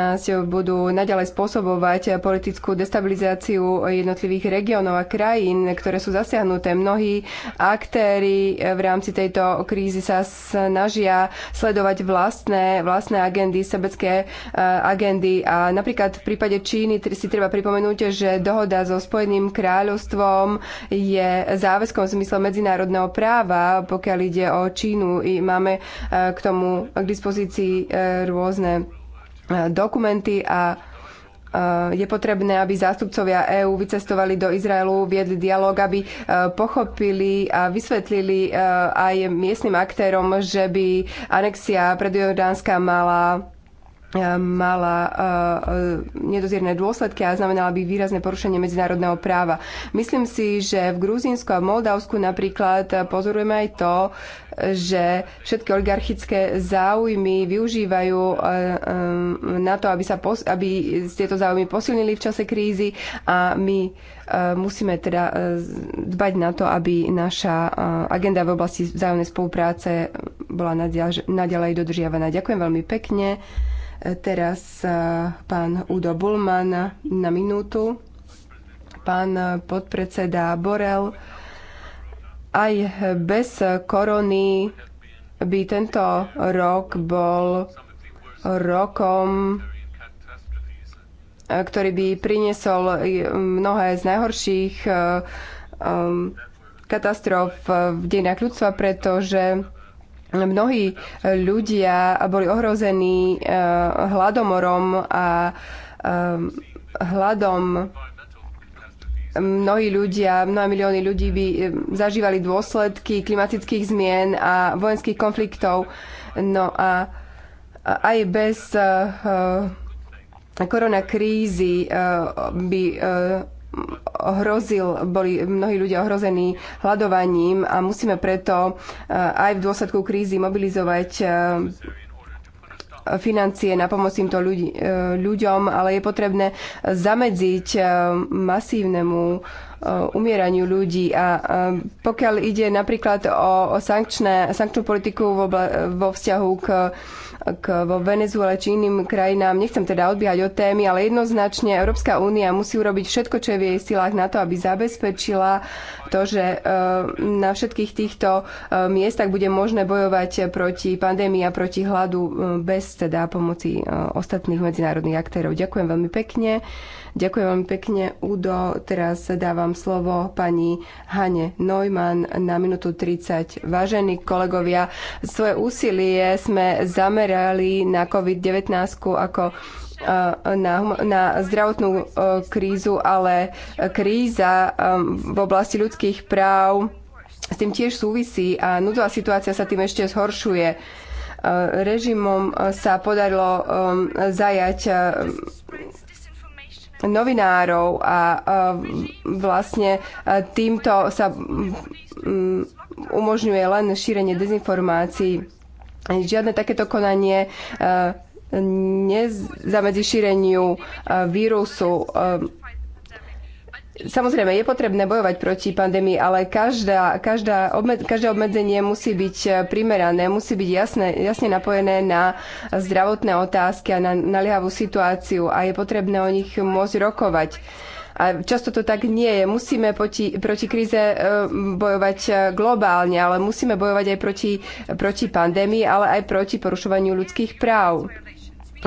Speaker 3: budú naďalej spôsobovať politickú destabilizáciu jednotlivých regiónov a krajín, ktoré sú zasiahnuté. Mnohí aktéry v rámci tejto krízy sa snažia sledovať vlastné, vlastné agendy, sebecké e, agendy. A napríklad v prípade Číny si treba pripomenúť, že dohoda so Spojeným kráľovstvom je záväzkom v zmysle medzinárodného práva, pokiaľ ide o Čínu. I máme e, k tomu k dispozícii si e, rôzne e, dokumenty a e, je potrebné, aby zástupcovia EÚ vycestovali do Izraelu, viedli dialog, aby pochopili a vysvetlili aj miestnym aktérom, že by anexia predjordánska mala E, mala e, e, nedozierne dôsledky a znamenala by výrazné porušenie medzinárodného práva. Myslím si, že v Gruzínsku a v Moldavsku napríklad pozorujeme aj to, že všetky oligarchické záujmy využívajú na to, aby, sa pos- aby tieto záujmy posilnili v čase krízy a my musíme teda dbať na to, aby naša agenda v oblasti vzájomnej spolupráce bola naďalej dodržiavaná. Ďakujem veľmi pekne. Teraz e, pán Udo Bulman na minútu, pán podpredseda Borel. Aj bez korony by tento rok bol rokom, ktorý by priniesol mnohé z najhorších e, e, katastrof v dejinách ľudstva, pretože mnohí e, ľudia boli ohrození e, hladomorom a e, hladom mnohí ľudia, mnohé milióny ľudí by zažívali dôsledky klimatických zmien a vojenských konfliktov. No a aj bez koronakrízy by hrozil, boli mnohí ľudia ohrození hľadovaním a musíme preto eh, aj v dôsledku krízy mobilizovať eh, financie na pomoc týmto ľudí, eh, ľuďom, ale je potrebné zamedziť masívnemu umieraniu ľudí. A pokiaľ ide napríklad o sankčné, sankčnú politiku vo vzťahu k k, vo Venezuele či iným krajinám. Nechcem teda odbiehať od témy, ale jednoznačne Európska únia musí urobiť všetko, čo je v jej silách na to, aby zabezpečila to, že e, na všetkých týchto e, miestach bude možné bojovať proti pandémii a proti hladu e, bez teda pomoci ostatných medzinárodných aktérov. Ďakujem veľmi pekne. Ďakujem veľmi pekne, Udo. Teraz dávam slovo pani Hane Neumann na minútu 30. Vážení kolegovia, svoje úsilie sme zamerali na COVID-19 ako Eh, na, na zdravotnú eh, krízu, ale kríza eh, v oblasti ľudských práv s tým tiež súvisí a núdzová situácia sa tým ešte zhoršuje. Režimom sa podarilo zajať novinárov a vlastne týmto sa mm, umožňuje len šírenie dezinformácií. Žiadne takéto konanie nezamedzi šíreniu e, vírusu. E, samozrejme, je potrebné bojovať proti pandémii, ale každá, každá obmed, každé obmedzenie musí byť e, primerané, musí byť jasne jasne napojené na zdravotné otázky a na naliehavú situáciu a je potrebné o nich môcť rokovať. A často to tak nie je. Musíme poti, proti kríze bojovať globálne, ale musíme bojovať aj proti, proti pandémii, ale aj proti porušovaniu ľudských práv.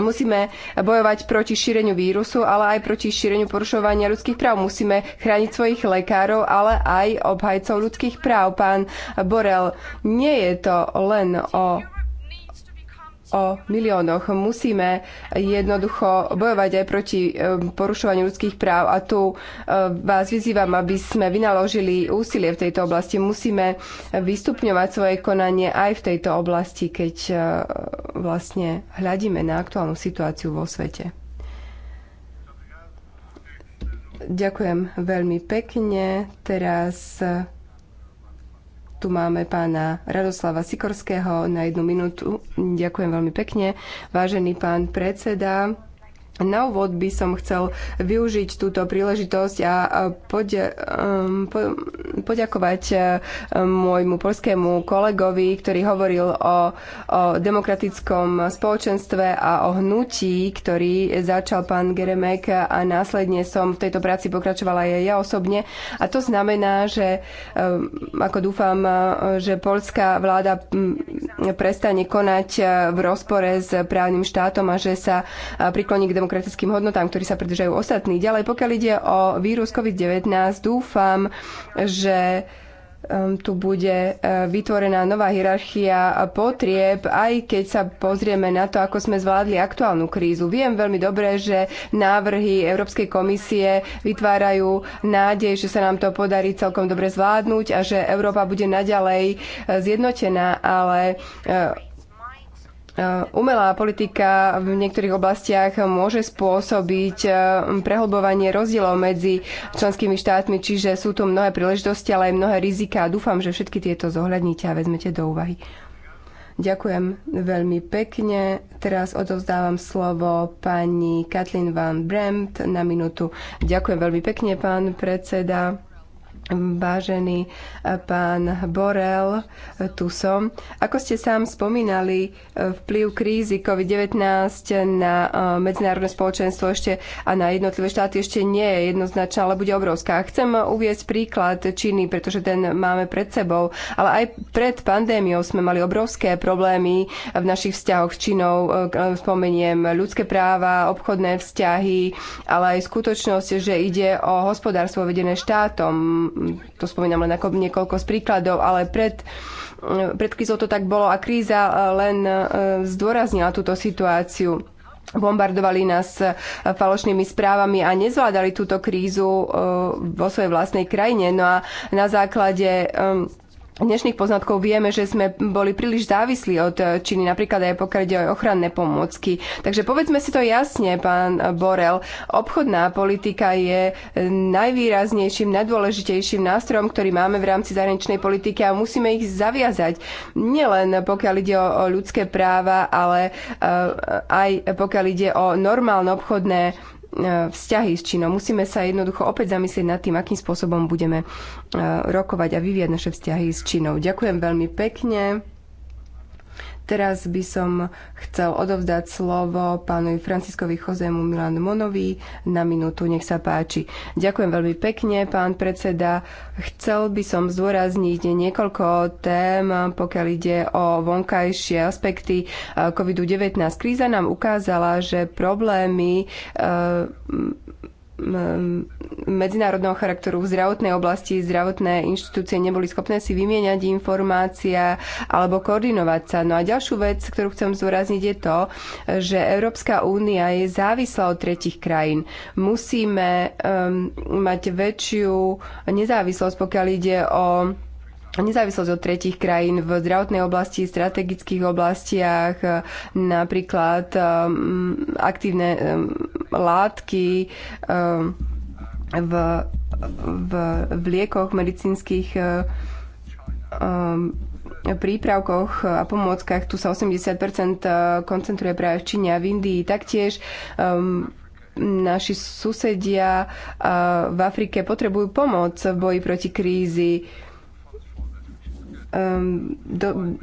Speaker 3: Musíme bojovať proti šíreniu vírusu, ale aj proti šíreniu porušovania ľudských práv. Musíme chrániť svojich lekárov, ale aj obhajcov ľudských práv. Pán Borel, nie je to len o o miliónoch. Musíme jednoducho bojovať aj proti e, porušovaniu ľudských práv a tu e, vás vyzývam, aby sme vynaložili úsilie v tejto oblasti. Musíme vystupňovať svoje konanie aj v tejto oblasti, keď e, vlastne hľadíme na aktuálnu situáciu vo svete. Ďakujem veľmi pekne. Teraz tu máme pána Radoslava Sikorského na jednu minútu. Ďakujem veľmi pekne. Vážený pán predseda, na úvod by som chcel využiť túto príležitosť a podia- um, po- poďakovať um, môjmu polskému kolegovi, ktorý hovoril o, o demokratickom spoločenstve a o hnutí, ktorý začal pán Geremek a následne som v tejto práci pokračovala aj ja osobne. A to znamená, že um, ako dúfam, uh, že polská vláda prestane konať uh, v rozpore s právnym štátom a že sa uh, prikloní k demokratickému demokratickým hodnotám, ktorí sa pridržajú ostatní. Ďalej, pokiaľ ide o vírus COVID-19, dúfam, že um, tu bude uh, vytvorená nová hierarchia potrieb, aj keď sa pozrieme na to, ako sme zvládli aktuálnu krízu. Viem veľmi dobre, že návrhy Európskej komisie vytvárajú nádej, že sa nám to podarí celkom dobre zvládnuť a že Európa bude naďalej uh, zjednotená, ale uh, Eh, umelá politika v niektorých oblastiach môže spôsobiť eh, prehlbovanie rozdielov medzi členskými štátmi, čiže sú tu mnohé príležitosti, ale aj mnohé rizika. Dúfam, že všetky tieto zohľadníte a vezmete do úvahy. Ďakujem veľmi pekne. Teraz odovzdávam slovo pani Katlin van Bremt na minútu. Ďakujem veľmi pekne, pán predseda. Vážený eh, pán Borel, eh, tu som. Ako ste sám spomínali, eh, vplyv krízy COVID-19 na medzinárodné spoločenstvo ešte a na jednotlivé štáty ešte nie je jednoznačná, ale bude obrovská. Chcem uvieť príklad Číny, pretože ten máme pred sebou, ale aj pred pandémiou sme mali obrovské problémy v našich vzťahoch s Čínou. Spomeniem ľudské práva, obchodné vzťahy, ale aj skutočnosť, že ide o hospodárstvo vedené štátom Mm, to spomínam len ako niekoľko z príkladov, ale pred, mm, pred krízou to tak bolo a kríza e, len e, zdôraznila túto situáciu bombardovali nás e, falošnými správami a nezvládali túto krízu vo svojej vlastnej krajine. No a na základe dnešných poznatkov vieme, že sme boli príliš závislí od eh, Číny, napríklad aj pokiaľ ide o ochranné pomôcky. Takže povedzme si to jasne, pán Borel. Obchodná politika je eh, najvýraznejším, najdôležitejším nástrojom, ktorý máme v rámci zahraničnej politiky a musíme ich zaviazať. Nielen pokiaľ ide o ľudské práva, ale eh, aj pokiaľ ide o normálne obchodné E, vzťahy s Čínou. Musíme sa jednoducho opäť zamyslieť nad tým, akým spôsobom budeme e, rokovať a vyvíjať naše vzťahy s Čínou. Ďakujem veľmi pekne. Teraz by som chcel odovzdať slovo pánovi Franciskovi Chozemu Milan Monovi na minútu. Nech sa páči. Ďakujem veľmi pekne, pán predseda. Chcel by som zdôrazniť niekoľko tém, pokiaľ ide o vonkajšie aspekty e, COVID-19. Kríza nám ukázala, že problémy e, medzinárodného charakteru v zdravotnej oblasti zdravotné inštitúcie neboli schopné si vymieňať informácia alebo koordinovať sa. No a ďalšiu vec, ktorú chcem zdôrazniť, je to, že Európska únia je závislá od tretich krajín. Musíme um, mať väčšiu nezávislosť, pokiaľ ide o nezávislosť od tretich krajín v zdravotnej oblasti, strategických oblastiach, e, napríklad um, aktívne um, látky um, v, v, v liekoch, medicínskych um, prípravkoch a pomôckach. Tu sa 80% koncentruje práve v Číne a v Indii. Taktiež um, naši susedia uh, v Afrike potrebujú pomoc v boji proti krízi. Uh, Ehm, do,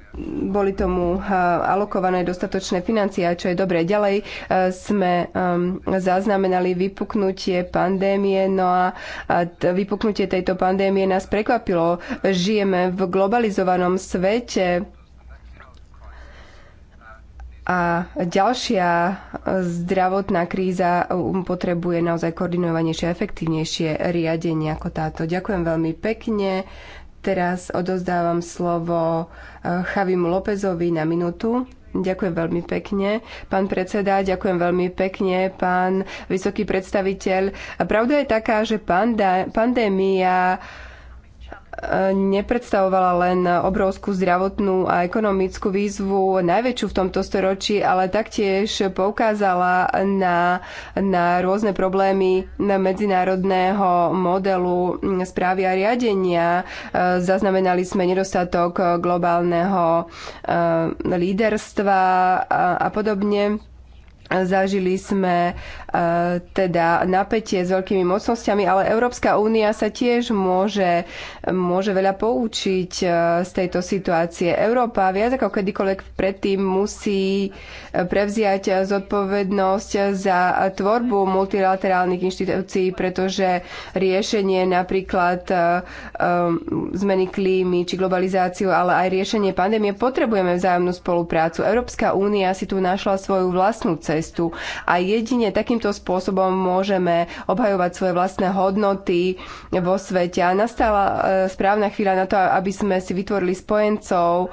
Speaker 3: boli tomu eh, alokované dostatočné financie, čo je dobré. Ďalej eh, sme ehm, zaznamenali vypuknutie pandémie, no a vypuknutie tejto pandémie nás prekvapilo. Žijeme v globalizovanom svete, a ďalšia eh, zdravotná kríza um, potrebuje naozaj koordinovanejšie a efektívnejšie riadenie ako táto. Ďakujem veľmi pekne. Teraz odozdávam slovo Chavimu eh, Lópezovi na minútu. Ďakujem veľmi pekne. Pán predseda, ďakujem veľmi pekne, pán vysoký predstaviteľ. pravda je taká, že pandémia nepredstavovala len obrovskú zdravotnú a ekonomickú výzvu, najväčšiu v tomto storočí, ale taktiež poukázala na, na rôzne problémy medzinárodného modelu správy a riadenia. E, zaznamenali sme nedostatok globálneho e, líderstva a, a podobne. Zažili sme e, teda napätie s veľkými mocnosťami, ale Európska únia sa tiež môže, môže veľa poučiť e, z tejto situácie. Európa viac ako kedykoľvek predtým musí e, prevziať zodpovednosť za tvorbu multilaterálnych inštitúcií, pretože riešenie napríklad zmeny klímy či globalizáciu, ale aj riešenie pandémie potrebujeme vzájomnú spoluprácu. Európska únia si tu našla svoju vlastnú cestu cestu. A jedine takýmto spôsobom môžeme obhajovať svoje vlastné hodnoty vo svete. A nastala e, správna chvíľa na to, aby sme si vytvorili spojencov e,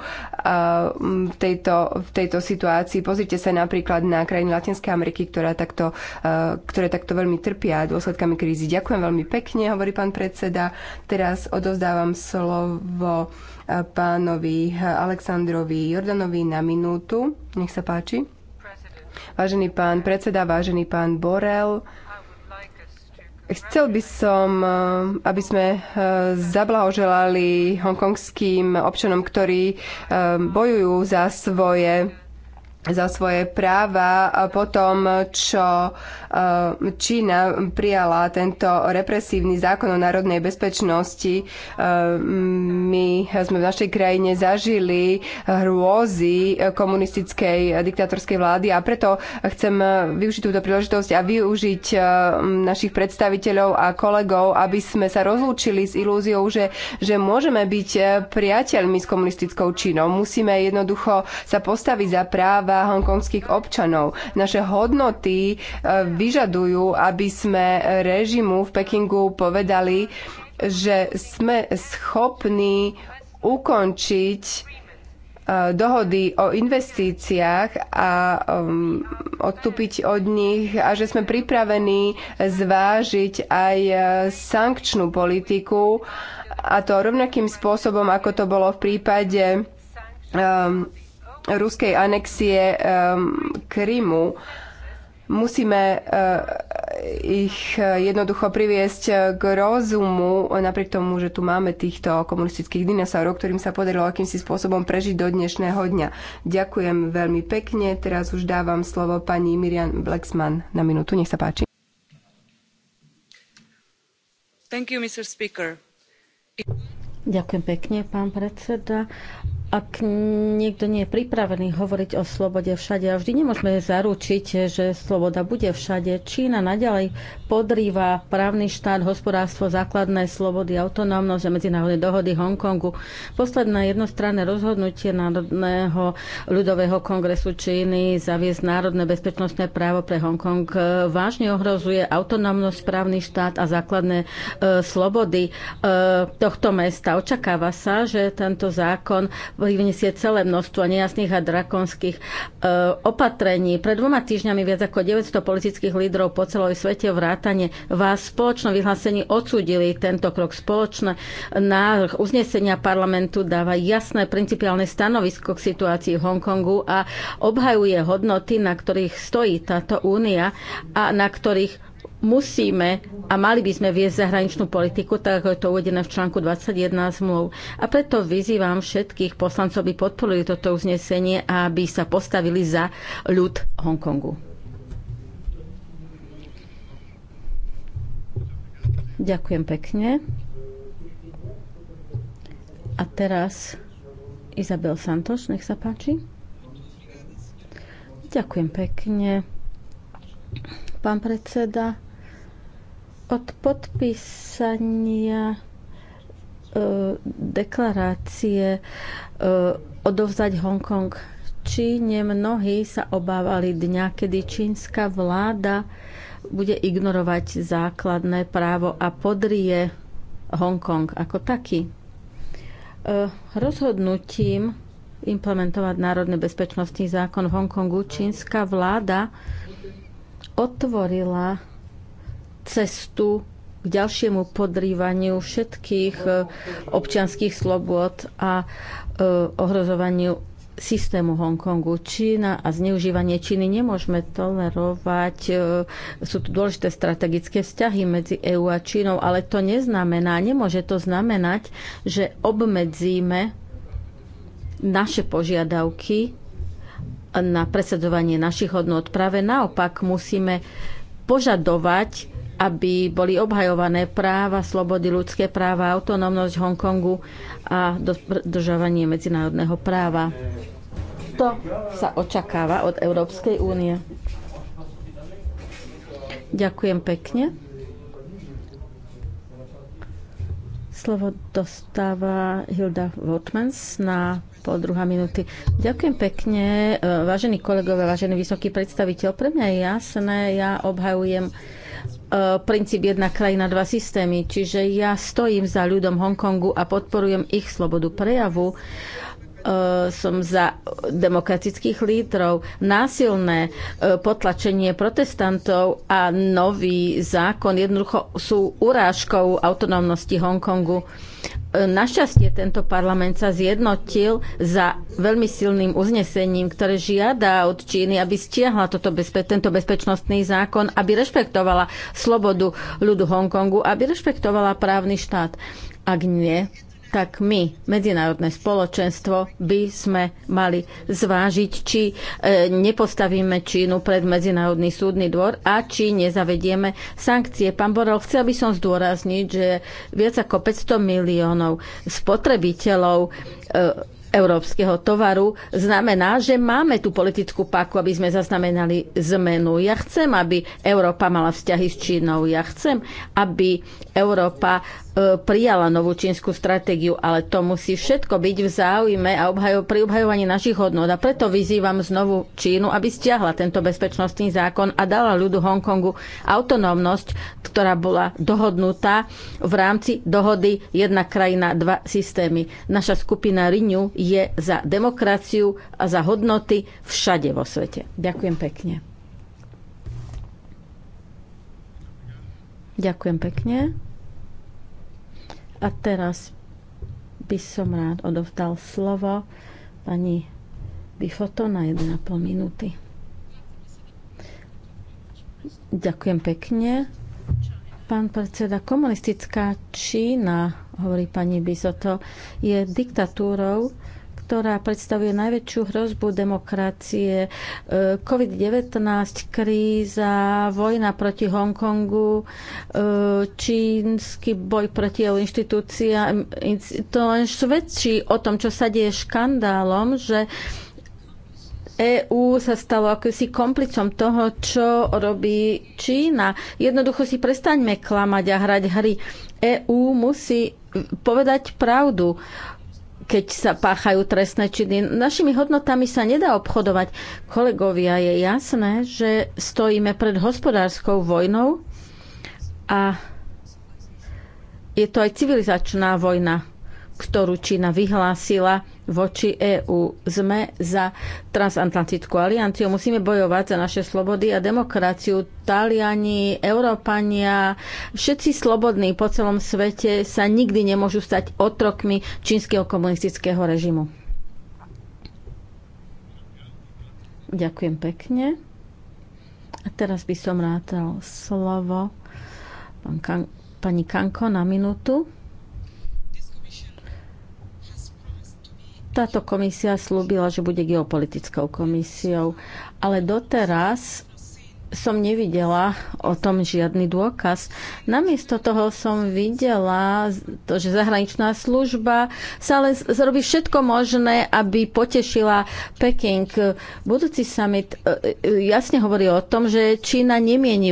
Speaker 3: v tejto, v tejto situácii. Pozrite sa napríklad na krajiny Latinskej Ameriky, ktorá takto, e, ktoré takto veľmi trpia dôsledkami krízy. Ďakujem veľmi pekne, hovorí pán predseda. Teraz odozdávam slovo pánovi Aleksandrovi Jordanovi na minútu. Nech sa páči. Vážený pán predseda, vážený pán Borel, Chcel by som, eh, aby sme eh, zablahoželali hongkongským občanom, ktorí eh, bojujú za svoje za svoje práva po tom, čo e, Čína prijala tento represívny zákon o národnej bezpečnosti. E, my sme v našej krajine zažili hrôzy komunistickej diktatorskej vlády a preto chcem využiť túto príležitosť a využiť e, našich predstaviteľov a kolegov, aby sme sa rozlúčili s ilúziou, že, že môžeme byť priateľmi s komunistickou Čínou. Musíme jednoducho sa postaviť za práva práva hongkongských občanov. Naše hodnoty e, vyžadujú, aby sme režimu v Pekingu povedali, že sme schopní ukončiť e, dohody o investíciách a um, odstúpiť od nich a že sme pripravení zvážiť aj e, sankčnú politiku a to rovnakým spôsobom, ako to bolo v prípade um, ruskej anexie ehm, Krymu. Musíme eh, ich eh, jednoducho priviesť eh, k rozumu, napriek tomu, že tu máme týchto komunistických dinosaurov, ktorým sa podarilo akýmsi spôsobom prežiť do dnešného dňa. Ďakujem veľmi pekne. Teraz už dávam slovo pani Miriam Blacksman na minútu.
Speaker 1: Nech sa páči. You, Ďakujem pekne, pán predseda ak niekto nie je pripravený hovoriť o slobode všade, a vždy nemôžeme zaručiť, že sloboda bude všade, Čína naďalej podrýva právny štát, hospodárstvo, základné slobody, autonómnosť a medzinárodné dohody Hongkongu. Posledné jednostranné rozhodnutie Národného ľudového kongresu Číny zaviesť národné bezpečnostné právo pre Hongkong vážne ohrozuje autonómnosť, právny štát a základné e, slobody e, tohto mesta. Očakáva sa, že tento zákon vyniesie celé množstvo nejasných a drakonských e, opatrení. Pred dvoma týždňami viac ako 900 politických lídrov po celom svete vrátane vás v spoločnom vyhlásení odsúdili tento krok. Spoločne návrh uznesenia parlamentu dáva jasné principiálne stanovisko k situácii v Hongkongu a obhajuje hodnoty, na ktorých stojí táto únia a na ktorých musíme a mali by sme viesť zahraničnú politiku, tak ako je to uvedené v článku 21 zmluv. A preto vyzývam všetkých poslancov, aby podporili toto uznesenie a aby sa postavili za ľud Hongkongu. Ďakujem pekne. A teraz Izabel Santoš, nech sa páči. Ďakujem pekne. Pán predseda, od podpísania e, deklarácie e, odovzdať Hongkong Číne mnohí sa obávali dňa, kedy čínska vláda bude ignorovať základné právo a podrie Hongkong ako taký. E, rozhodnutím implementovať Národný bezpečnostný zákon v Hongkongu čínska vláda otvorila cestu k ďalšiemu podrývaniu všetkých e, občianských slobôd a e, ohrozovaniu systému Hongkongu. Čína a zneužívanie Číny nemôžeme tolerovať. E, sú tu dôležité strategické vzťahy medzi EÚ a Čínou, ale to neznamená, nemôže to znamenať, že obmedzíme naše požiadavky na presadzovanie našich hodnot. Práve naopak musíme požadovať aby boli obhajované práva, slobody, ľudské práva, autonómnosť Hongkongu a dodržovanie medzinárodného práva. To sa očakáva od Európskej únie. Ďakujem pekne. Slovo dostáva Hilda Wortmans na pol druhá minúty. Ďakujem pekne, e, vážení kolegové, vážený vysoký predstaviteľ. Pre mňa je jasné, ja obhajujem E, princíp jedna krajina, dva systémy. Čiže ja stojím za ľudom Hongkongu a podporujem ich slobodu prejavu Eh, som za demokratických lídrov, násilné eh, potlačenie protestantov a nový zákon jednoducho sú urážkou autonómnosti Hongkongu. Eh, našťastie tento parlament sa zjednotil za veľmi silným uznesením, ktoré žiada od Číny, aby stiahla toto bezpe- tento bezpečnostný zákon, aby rešpektovala slobodu ľudu Hongkongu, aby rešpektovala právny štát. Ak nie, tak my, medzinárodné spoločenstvo, by sme mali zvážiť, či e, nepostavíme Čínu pred Medzinárodný súdny dvor a či nezavedieme sankcie. Pán Borel, chcel by som zdôrazniť, že viac ako 500 miliónov spotrebiteľov e, európskeho tovaru znamená, že máme tú politickú páku, aby sme zaznamenali zmenu. Ja chcem, aby Európa mala vzťahy s Čínou. Ja chcem, aby Európa e, prijala novú čínsku stratégiu, ale to musí všetko byť v záujme a obhajo, pri obhajovaní našich hodnot. A preto vyzývam znovu Čínu, aby stiahla tento bezpečnostný zákon a dala ľudu Hongkongu autonómnosť, ktorá bola dohodnutá v rámci dohody jedna krajina, dva systémy. Naša skupina Renew je za demokraciu a za hodnoty všade vo svete. Ďakujem pekne. Ďakujem pekne. A teraz by som rád odovzdal slovo pani Bifoto na 1,5 minúty. Ďakujem pekne. Pán predseda, komunistická Čína, hovorí pani Bizoto, je diktatúrou, ktorá predstavuje najväčšiu hrozbu demokracie, e, COVID-19, kríza, vojna proti Hongkongu, e, čínsky boj proti jeho inštitúciám. To len svedčí o tom, čo sa deje škandálom, že EÚ sa stalo akýsi komplicom toho, čo robí Čína. Jednoducho si prestaňme klamať a hrať hry. EÚ musí povedať pravdu keď sa páchajú trestné činy. Našimi hodnotami sa nedá obchodovať. Kolegovia, je jasné, že stojíme pred hospodárskou vojnou a je to aj civilizačná vojna ktorú Čína vyhlásila voči EÚ. Sme za transatlantickú alianciu. Musíme bojovať za naše slobody a demokraciu. Taliani, Európania, všetci slobodní po celom svete sa nikdy nemôžu stať otrokmi čínskeho komunistického režimu. Ďakujem pekne. A teraz by som rátal slovo pán kan- pani Kanko na minútu. Táto komisia slúbila, že bude geopolitickou komisiou, ale doteraz som nevidela o tom žiadny dôkaz. Namiesto toho som videla to, že zahraničná služba sa ale zrobí všetko možné, aby potešila Peking. Budúci summit e, e, jasne hovorí o tom, že Čína nemieni